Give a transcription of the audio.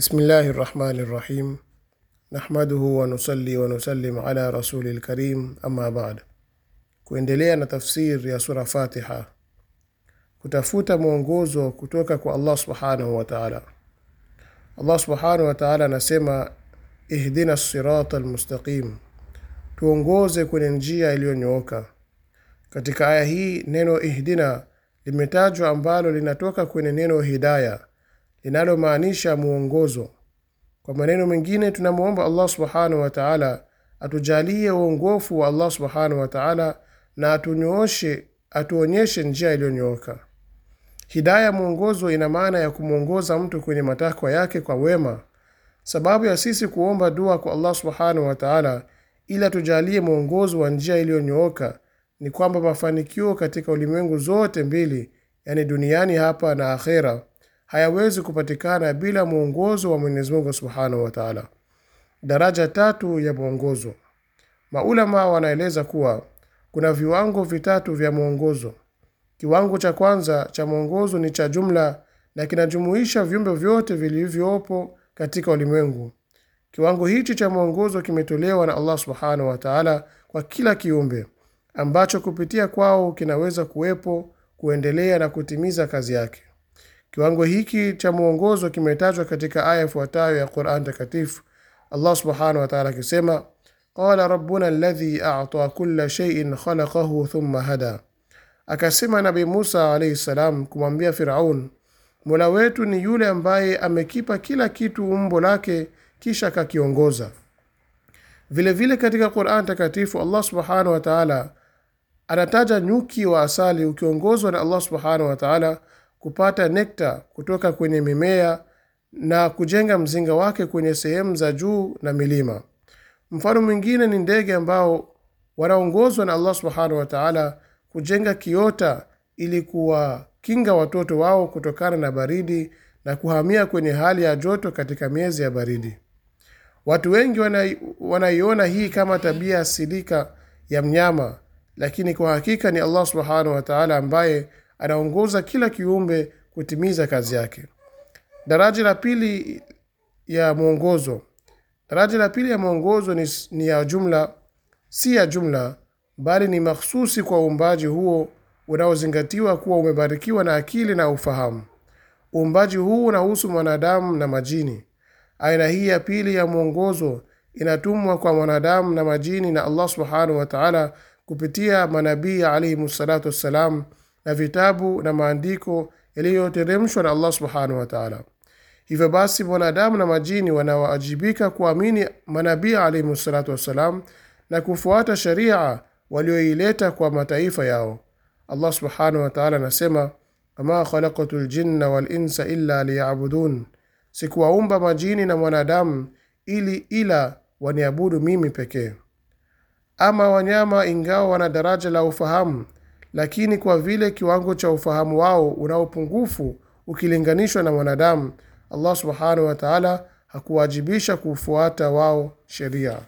Bismillahi rahmani rahim nahmaduhu wanusali wanusalim ala rasuli lkarim amma bad. Kuendelea na tafsir ya sura Fatiha, kutafuta mwongozo kutoka kwa Allah subhanahu wa taala. Allah subhanahu wa taala anasema ihdina sirata lmustaqim, tuongoze kwenye njia iliyonyooka. Katika aya hii neno ihdina limetajwa ambalo linatoka kwenye neno hidaya linalomaanisha mwongozo. Kwa maneno mengine, tunamwomba Allah subhanahu wataala atujalie uongofu wa Allah subhanahu wataala na atunyooshe, atuonyeshe njia iliyonyooka. Hidaya mwongozo ina maana ya kumwongoza mtu kwenye matakwa yake kwa wema. Sababu ya sisi kuomba dua kwa Allah subhanahu wataala ili atujalie mwongozo wa njia iliyonyooka ni kwamba mafanikio katika ulimwengu zote mbili, yani duniani hapa na akhera, hayawezi kupatikana bila mwongozo wa Mwenyezi Mungu subhanahu wa taala. Daraja tatu ya mwongozo. Maulama wanaeleza kuwa kuna viwango vitatu vya mwongozo. Kiwango cha kwanza cha mwongozo ni cha jumla na kinajumuisha viumbe vyote vilivyopo katika ulimwengu. Kiwango hichi cha mwongozo kimetolewa na Allah subhanahu wa taala kwa kila kiumbe ambacho kupitia kwao kinaweza kuwepo, kuendelea na kutimiza kazi yake. Kiwango hiki cha mwongozo kimetajwa katika aya ifuatayo ya Quran Takatifu, Allah subhanahu wa taala akisema, qala rabbuna alladhi a'ta kulla shay'in khalaqahu thumma hada. Akasema Nabi Musa alayhi salam kumwambia Firaun, mola wetu ni yule ambaye amekipa kila kitu umbo lake kisha akakiongoza. Vilevile katika Quran Takatifu, Allah subhanahu wa taala anataja nyuki wa asali ukiongozwa na Allah subhanahu wa taala kupata nekta kutoka kwenye mimea na kujenga mzinga wake kwenye sehemu za juu na milima. Mfano mwingine ni ndege ambao wanaongozwa na Allah subhanahu wa taala kujenga kiota ili kuwakinga watoto wao kutokana na baridi na kuhamia kwenye hali ya joto katika miezi ya baridi. Watu wengi wanaiona hii kama tabia asilika ya mnyama, lakini kwa hakika ni Allah subhanahu wa taala ambaye anaongoza kila kiumbe kutimiza kazi yake. Daraja la pili ya mwongozo. Daraja la pili ya mwongozo ni, ni ya jumla, si ya jumla, bali ni mahsusi kwa uumbaji huo unaozingatiwa kuwa umebarikiwa na akili na ufahamu. Uumbaji huu unahusu mwanadamu na majini. Aina hii ya pili ya mwongozo inatumwa kwa mwanadamu na majini na Allah subhanahu wa taala kupitia manabii alaihimu salatu wassalam na vitabu na maandiko yaliyoteremshwa na Allah subhanahu wa taala. Hivyo basi mwanadamu na majini wanawajibika kuamini manabii alaihimu salatu wassalam na kufuata sharia walioileta kwa mataifa yao. Allah subhanahu wa taala anasema, wama khalaqtu ljinna walinsa illa liyabudun, sikuwaumba majini na mwanadamu ili ila waniabudu mimi pekee. Ama wanyama, ingawa wana daraja la ufahamu lakini kwa vile kiwango cha ufahamu wao una upungufu ukilinganishwa na mwanadamu, Allah subhanahu wa taala hakuwajibisha kufuata wao sheria.